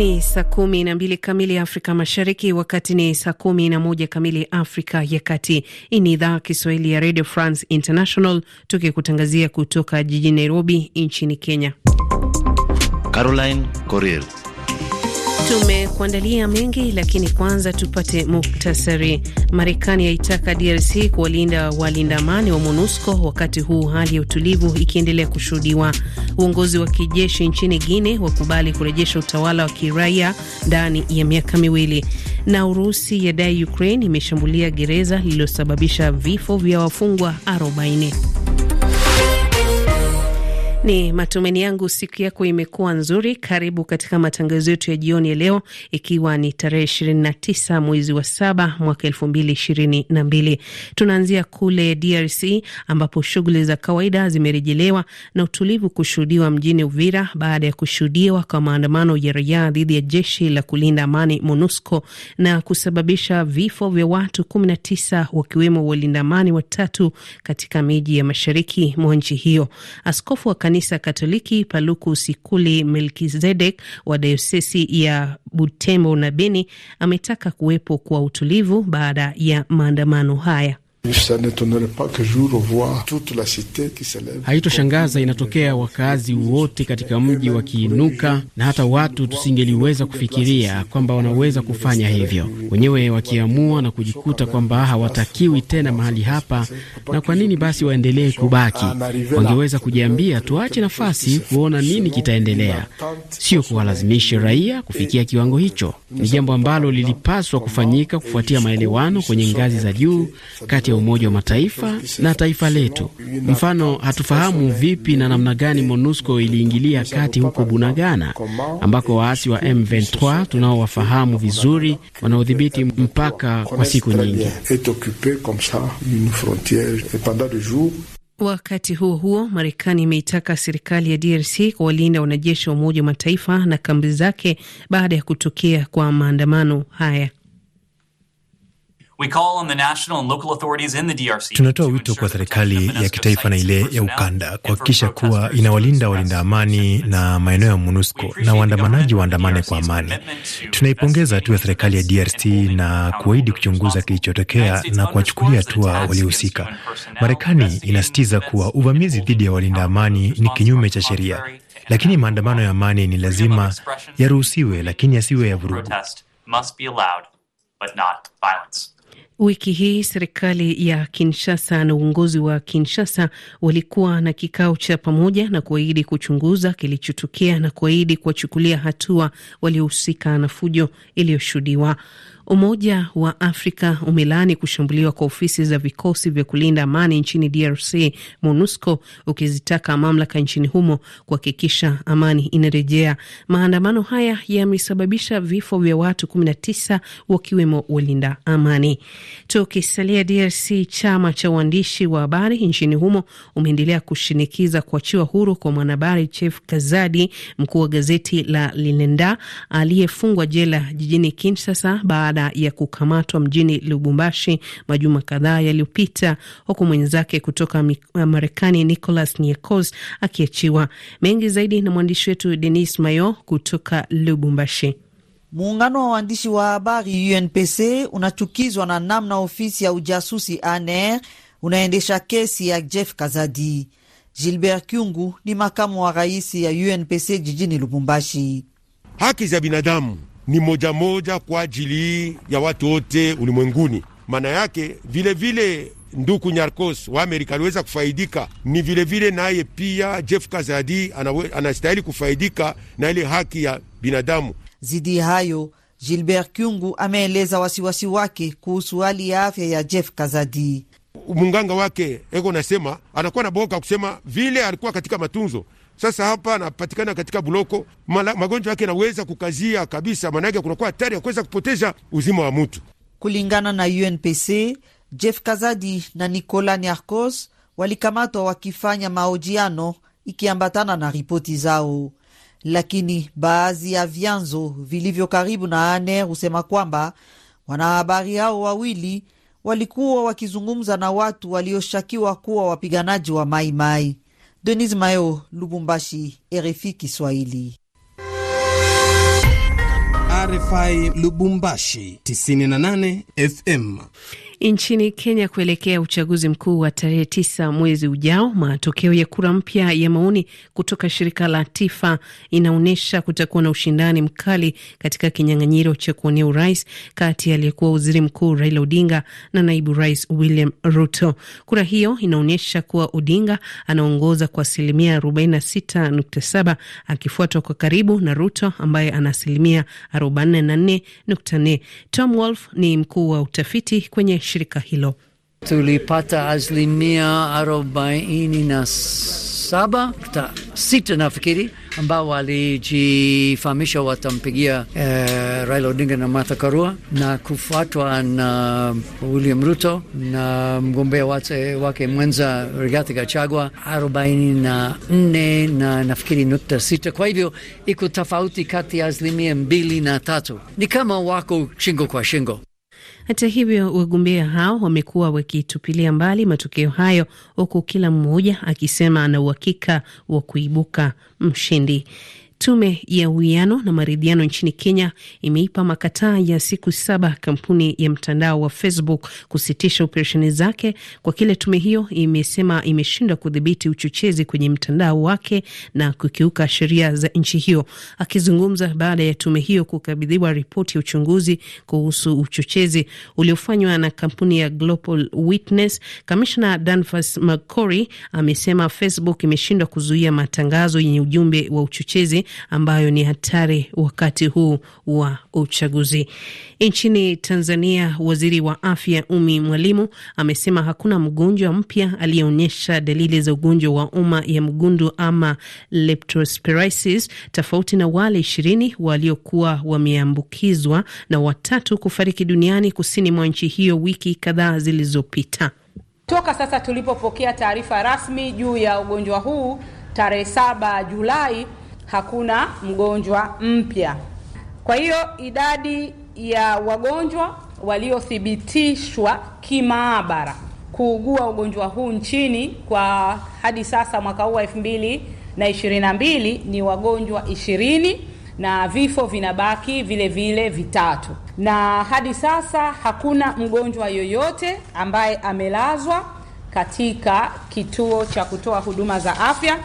Ni saa kumi na mbili kamili Afrika Mashariki, wakati ni saa kumi na moja kamili Afrika ya Kati. Hii ni idhaa Kiswahili ya Radio France International, tukikutangazia kutoka jijini Nairobi nchini Kenya. Caroline Corel Tumekuandalia mengi lakini kwanza tupate muktasari. Marekani yaitaka DRC kuwalinda walinda amani wa MONUSCO wakati huu hali ya utulivu ikiendelea kushuhudiwa uongozi wa kijeshi nchini Guinea wakubali kurejesha utawala wa kiraia ndani ya miaka miwili. Na Urusi yadai Ukraine imeshambulia gereza lililosababisha vifo vya wafungwa 40. Ni matumaini yangu siku yako imekuwa nzuri. Karibu katika matangazo yetu ya jioni ya leo, ikiwa ni tarehe 29 mwezi wa saba mwaka mbili. Tunaanzia kule DRC ambapo shughuli za kawaida zimerejelewa na utulivu kushuhudiwa mjini Uvira baada ya kushuhudiwa kwa maandamano ya raia dhidi ya jeshi la kulinda amani MONUSCO na kusababisha vifo vya watu 19 wakiwemo walinda amani watatu katika miji ya mashariki mwa nchi hiyo. Askofu wa kanisa Katoliki Paluku Sikuli Melkizedek wa dayosesi ya Butembo na Beni ametaka kuwepo kwa utulivu baada ya maandamano haya. Haitoshangaza, inatokea wakazi wote katika mji wakiinuka, na hata watu tusingeliweza kufikiria kwamba wanaweza kufanya hivyo wenyewe, wakiamua na kujikuta kwamba hawatakiwi tena mahali hapa. Na kwa nini basi waendelee kubaki? Wangeweza kujiambia, tuache nafasi kuona nini kitaendelea, sio kuwalazimisha raia kufikia kiwango hicho. Ni jambo ambalo lilipaswa kufanyika kufuatia maelewano kwenye ngazi za juu kati ya Umoja wa Mataifa na taifa letu. Mfano, hatufahamu vipi na namna gani MONUSCO iliingilia kati huko Bunagana, ambako waasi wa M23 tunaowafahamu vizuri wanaodhibiti mpaka kwa siku nyingi. Wakati huo huo, Marekani imeitaka serikali ya DRC kuwalinda wanajeshi wa Umoja wa Mataifa na kambi zake baada ya kutokea kwa maandamano haya. Tunatoa wito kwa serikali ya kitaifa na ile ya ukanda kuhakikisha kuwa inawalinda walinda amani na maeneo ya MONUSCO na waandamanaji waandamane kwa amani. Tunaipongeza hatua ya serikali ya DRC na kuahidi kuchunguza kilichotokea na kuwachukulia hatua waliohusika. Marekani inasisitiza kuwa uvamizi dhidi ya walinda amani ni kinyume cha sheria, lakini maandamano ya amani ni lazima yaruhusiwe, lakini yasiwe ya vurugu. Wiki hii serikali ya Kinshasa na uongozi wa Kinshasa walikuwa na kikao cha pamoja na kuahidi kuchunguza kilichotokea na kuahidi kuwachukulia hatua waliohusika na fujo iliyoshuhudiwa. Umoja wa Afrika umelaani kushambuliwa kwa ofisi za vikosi vya kulinda amani nchini DRC, MONUSCO, ukizitaka mamlaka nchini humo kuhakikisha amani inarejea. Maandamano haya yamesababisha vifo vya watu 19 wakiwemo walinda amani. Tukisalia DRC, chama cha uandishi wa habari nchini humo umeendelea kushinikiza kuachiwa huru kwa mwanahabari Chef Kazadi, mkuu wa gazeti la Linenda aliyefungwa jela jijini Kinshasa baada baada ya kukamatwa mjini Lubumbashi majuma kadhaa yaliyopita, huku mwenzake kutoka eh, Marekani nicolas Nyekos akiachiwa. Mengi zaidi na mwandishi wetu Denis Mayo kutoka Lubumbashi. Muungano wa waandishi wa habari UNPC unachukizwa na namna ofisi ya ujasusi ANR unaendesha kesi ya Jeff Kazadi. Gilbert Kyungu ni makamu wa rais ya UNPC jijini Lubumbashi. Haki za binadamu ni moja moja kwa ajili ya watu wote ulimwenguni. Maana yake vilevile nduku Nyarkos wa Amerika aliweza kufaidika, ni vilevile naye pia Jeff Kazadi anastahili kufaidika na ile haki ya binadamu. Zidi hayo, Gilbert Kyungu ameeleza wasiwasi wake kuhusu hali ya afya ya Jeff Kazadi. Munganga wake eko nasema anakuwa na boka kusema vile alikuwa katika matunzo sasa hapa anapatikana katika buloko, magonjwa yake yanaweza kukazia kabisa, maanake kunakuwa hatari ya kuweza kupoteza uzima wa mtu. Kulingana na UNPC, Jeff Kazadi na nicola Niarkos walikamatwa wakifanya mahojiano ikiambatana na ripoti zao, lakini baadhi ya vyanzo vilivyo karibu na ANR husema kwamba wanahabari hao wawili walikuwa wakizungumza na watu walioshakiwa kuwa wapiganaji wa Maimai mai. Denis Mayo, Lubumbashi, RFI Kiswahili. RFI Lubumbashi 98 FM. Nchini Kenya kuelekea uchaguzi mkuu wa tarehe tisa mwezi ujao, matokeo ya kura mpya ya maoni kutoka shirika la Tifa inaonyesha kutakuwa na ushindani mkali katika kinyang'anyiro cha kuonea urais kati ya aliyekuwa waziri mkuu Raila Odinga na naibu rais William Ruto. Kura hiyo inaonyesha kuwa Odinga anaongoza kwa asilimia 46.7 akifuatwa kwa karibu na Ruto ambaye ana asilimia 44.4. Tom Wolf ni mkuu wa utafiti kwenye shirika hilo. Tulipata asilimia arobaini na saba nukta sita nafikiri, ambao walijifahamisha watampigia eh, Raila Odinga na Martha Karua, na kufuatwa na William Ruto na mgombea wake mwenza Rigathi Gachagua arobaini na nne na nafikiri nukta sita. Kwa hivyo iko tofauti kati ya asilimia mbili na tatu, ni kama wako shingo kwa shingo. Hata hivyo, wagombea hao wamekuwa wakitupilia mbali matokeo hayo, huku kila mmoja akisema ana uhakika wa kuibuka mshindi. Tume ya uwiano na maridhiano nchini Kenya imeipa makataa ya siku saba kampuni ya mtandao wa Facebook kusitisha operesheni zake kwa kile tume hiyo imesema imeshindwa kudhibiti uchochezi kwenye mtandao wake na kukiuka sheria za nchi hiyo. Akizungumza baada ya tume hiyo kukabidhiwa ripoti ya uchunguzi kuhusu uchochezi uliofanywa na kampuni ya Global Witness, kamishna Danfas McCory amesema Facebook imeshindwa kuzuia matangazo yenye ujumbe wa uchochezi ambayo ni hatari wakati huu wa uchaguzi. Nchini Tanzania, waziri wa afya Umi Mwalimu amesema hakuna mgonjwa mpya aliyeonyesha dalili za ugonjwa wa umma ya mgundu ama leptospirosis, tofauti na wale ishirini waliokuwa wameambukizwa na watatu kufariki duniani kusini mwa nchi hiyo wiki kadhaa zilizopita. Toka sasa tulipopokea taarifa rasmi juu ya ugonjwa huu tarehe 7 Julai hakuna mgonjwa mpya. Kwa hiyo idadi ya wagonjwa waliothibitishwa kimaabara kuugua ugonjwa huu nchini kwa hadi sasa mwaka huu wa elfu mbili na ishirini na mbili ni wagonjwa ishirini na vifo vinabaki vile vile vitatu, na hadi sasa hakuna mgonjwa yoyote ambaye amelazwa katika kituo cha kutoa huduma za afya.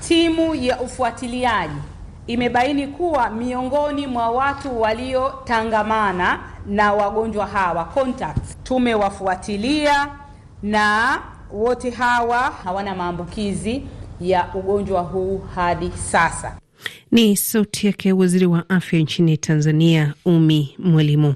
Timu ya ufuatiliaji imebaini kuwa miongoni mwa watu waliotangamana na wagonjwa hawa contact, tumewafuatilia na wote hawa hawana maambukizi ya ugonjwa huu hadi sasa. Ni sauti yake waziri wa afya nchini Tanzania, Umi Mwalimu.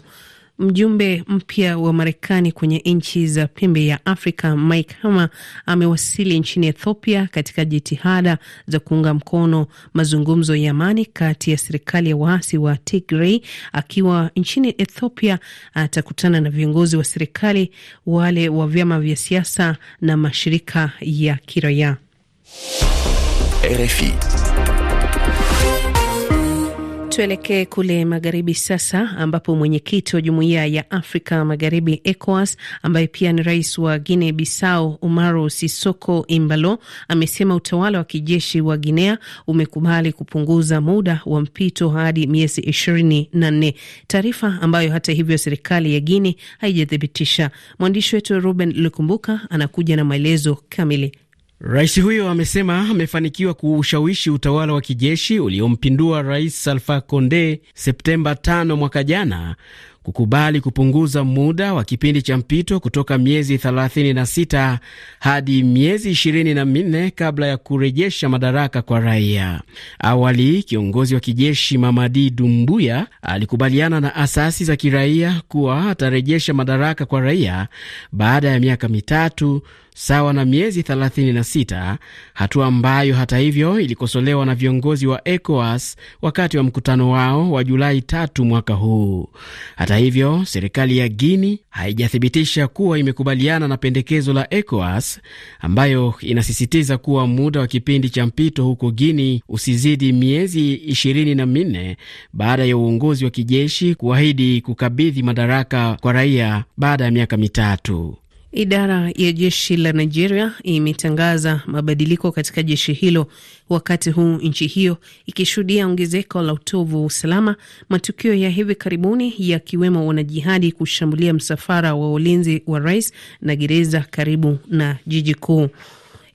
Mjumbe mpya wa Marekani kwenye nchi za pembe ya Afrika Mike Hammer amewasili nchini Ethiopia katika jitihada za kuunga mkono mazungumzo ya amani kati ya serikali ya waasi wa Tigray. Akiwa nchini Ethiopia, atakutana na viongozi wa serikali, wale wa vyama vya siasa na mashirika ya kiraia. RFI Tuelekee kule magharibi sasa, ambapo mwenyekiti wa jumuiya ya Afrika Magharibi, ECOWAS, ambaye pia ni rais wa Guinea Bissau Umaro Sisoko Imbalo amesema utawala wa kijeshi wa Guinea umekubali kupunguza muda wa mpito hadi miezi ishirini na nne, taarifa ambayo hata hivyo serikali ya Guinea haijathibitisha. Mwandishi wetu Ruben Lukumbuka anakuja na maelezo kamili. Rais huyo amesema amefanikiwa kuushawishi utawala wa kijeshi uliompindua Rais Alpha Conde Septemba 5 mwaka jana kukubali kupunguza muda wa kipindi cha mpito kutoka miezi 36 hadi miezi 24 kabla ya kurejesha madaraka kwa raia. Awali kiongozi wa kijeshi Mamadi Dumbuya alikubaliana na asasi za kiraia kuwa atarejesha madaraka kwa raia baada ya miaka mitatu sawa na miezi 36, hatua ambayo hata hivyo ilikosolewa na viongozi wa ECOWAS wakati wa mkutano wao wa Julai tatu mwaka huu. Hata hata hivyo, serikali ya Guini haijathibitisha kuwa imekubaliana na pendekezo la ECOWAS ambayo inasisitiza kuwa muda wa kipindi cha mpito huko Guini usizidi miezi 24 baada ya uongozi wa kijeshi kuahidi kukabidhi madaraka kwa raia baada ya miaka mitatu. Idara ya jeshi la Nigeria imetangaza mabadiliko katika jeshi hilo, wakati huu nchi hiyo ikishuhudia ongezeko la utovu wa usalama, matukio ya hivi karibuni yakiwemo wanajihadi kushambulia msafara wa ulinzi wa rais na gereza karibu na jiji kuu.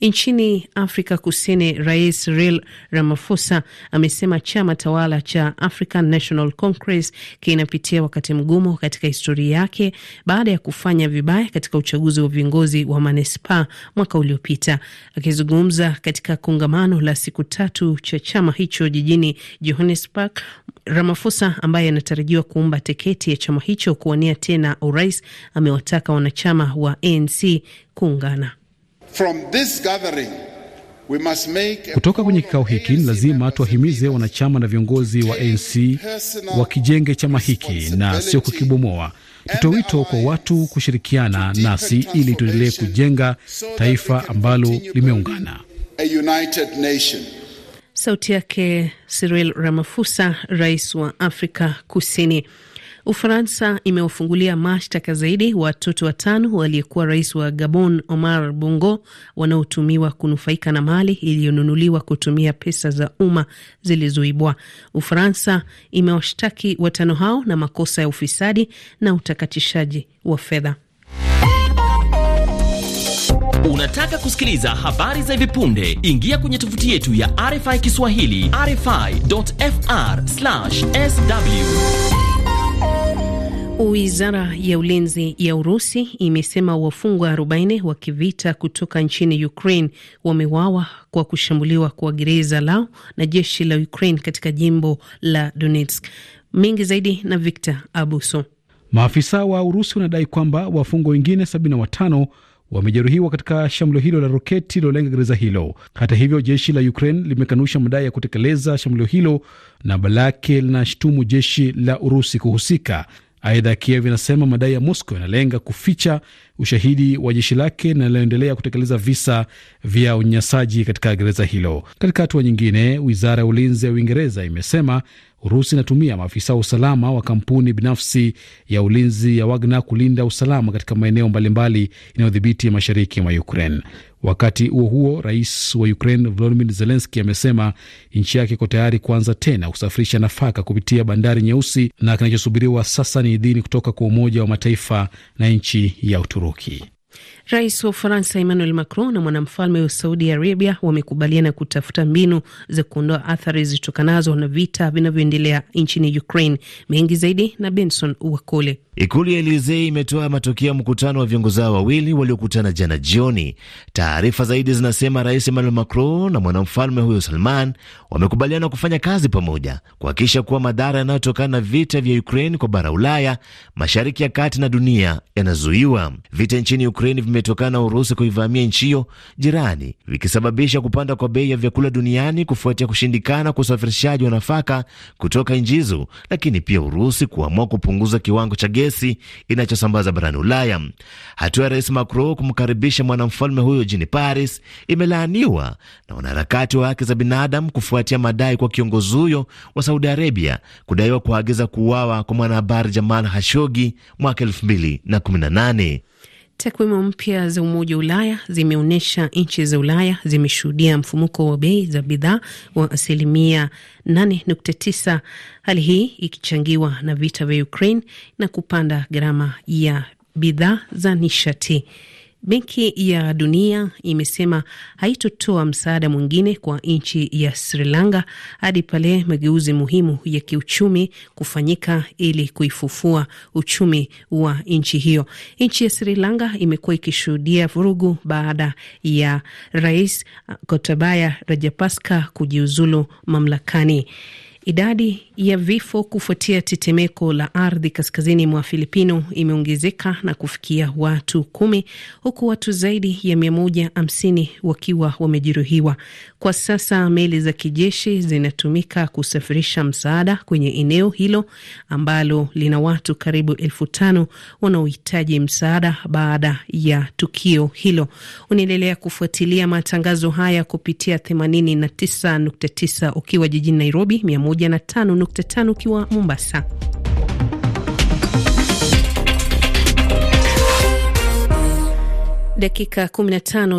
Nchini Afrika Kusini, Rais Cyril Ramaphosa amesema chama tawala cha African National Congress kinapitia wakati mgumu katika historia yake baada ya kufanya vibaya katika uchaguzi wa viongozi wa manispa mwaka uliopita. Akizungumza katika kongamano la siku tatu cha chama hicho jijini Johannesburg, Ramaphosa ambaye anatarajiwa kuomba tiketi ya chama hicho kuwania tena urais amewataka wanachama wa ANC kuungana. From this gathering, we must make kutoka kwenye kikao hiki ni lazima tuwahimize wanachama na viongozi wa ANC wakijenge chama hiki na sio kukibomoa. Tutoe wito kwa watu kushirikiana nasi ili tuendelee kujenga taifa ambalo limeungana. Sauti yake Cyril Ramaphosa, rais wa Afrika Kusini. Ufaransa imewafungulia mashtaka zaidi watoto watano waliyekuwa rais wa Gabon Omar Bongo wanaotumiwa kunufaika na mali iliyonunuliwa kutumia pesa za umma zilizoibwa. Ufaransa imewashtaki watano hao na makosa ya ufisadi na utakatishaji wa fedha. Unataka kusikiliza habari za hivi punde? Ingia kwenye tovuti yetu ya RFI Kiswahili, rfi.fr/sw. Wizara ya ulinzi ya Urusi imesema wafungwa 40 wa kivita kutoka nchini Ukraine wamewawa kwa kushambuliwa kwa gereza lao na jeshi la Ukraine katika jimbo la Donetsk. Mengi zaidi na Victor Abuso. Maafisa wa Urusi wanadai kwamba wafungwa wengine 75 wamejeruhiwa katika shambulio hilo la roketi lilolenga gereza hilo. Hata hivyo, jeshi la Ukraine limekanusha madai ya kutekeleza shambulio hilo na balake linashutumu jeshi la Urusi kuhusika. Aidha, Kiev inasema madai ya Moscow yanalenga kuficha ushahidi wa jeshi lake linaloendelea kutekeleza visa vya unyanyasaji katika gereza hilo. Katika hatua nyingine, wizara ya ulinzi ya Uingereza imesema Urusi inatumia maafisa wa usalama wa kampuni binafsi ya ulinzi ya Wagner kulinda usalama katika maeneo mbalimbali inayodhibiti mashariki mwa Ukraine. Wakati huo huo, rais wa Ukraine Volodymyr zelenski amesema nchi yake iko tayari kuanza tena kusafirisha nafaka kupitia bandari nyeusi na kinachosubiriwa sasa ni idhini kutoka kwa Umoja wa Mataifa na nchi ya Uturuki. Rais wa Ufaransa Emmanuel Macron na mwanamfalme wa Saudi Arabia wamekubaliana kutafuta mbinu za kuondoa athari zilitokanazo na vita vinavyoendelea nchini Ukraine. Mengi zaidi na Benson Wakole. Ikulu ya Elizei imetoa matokeo ya mkutano wa viongozi hao wawili waliokutana jana jioni. Taarifa zaidi zinasema Rais Emmanuel Macron na mwanamfalme huyo Salman wamekubaliana kufanya kazi pamoja kuhakikisha kuwa madhara yanayotokana na vita vya Ukraine kwa bara Ulaya, mashariki ya kati na dunia yanazuiwa. Vita nchini Ukraine vime imetokana na Urusi kuivamia nchi hiyo jirani, vikisababisha kupanda kwa bei ya vyakula duniani kufuatia kushindikana kwa usafirishaji wa nafaka kutoka nchi hizo, lakini pia Urusi kuamua kupunguza kiwango cha gesi inachosambaza barani Ulaya. Hatua ya Rais Macron kumkaribisha mwanamfalme huyo jini Paris imelaaniwa na wanaharakati wa haki za binadamu kufuatia madai kwa kiongozi huyo wa Saudi Arabia kudaiwa kuagiza kuuawa kwa mwanahabari Jamal Hashogi mwaka 2018. Takwimu mpya za Umoja wa Ulaya zimeonyesha nchi za Ulaya zimeshuhudia mfumuko wa bei za bidhaa wa asilimia 8.9, hali hii ikichangiwa na vita vya Ukraine na kupanda gharama ya bidhaa za nishati. Benki ya Dunia imesema haitotoa msaada mwingine kwa nchi ya Sri Lanka hadi pale mageuzi muhimu ya kiuchumi kufanyika ili kuifufua uchumi wa nchi hiyo. Nchi ya Sri Lanka imekuwa ikishuhudia vurugu baada ya Rais Gotabaya Rajapaksa kujiuzulu mamlakani. Idadi ya vifo kufuatia tetemeko la ardhi kaskazini mwa Filipino imeongezeka na kufikia watu kumi huku watu zaidi ya mia moja hamsini wakiwa wamejeruhiwa. Kwa sasa meli za kijeshi zinatumika kusafirisha msaada kwenye eneo hilo ambalo lina watu karibu elfu tano wanaohitaji msaada baada ya tukio hilo. Unaendelea kufuatilia matangazo haya kupitia 89.9 ukiwa jijini Nairobi 105.5 na tano ukiwa Mombasa. Dakika 15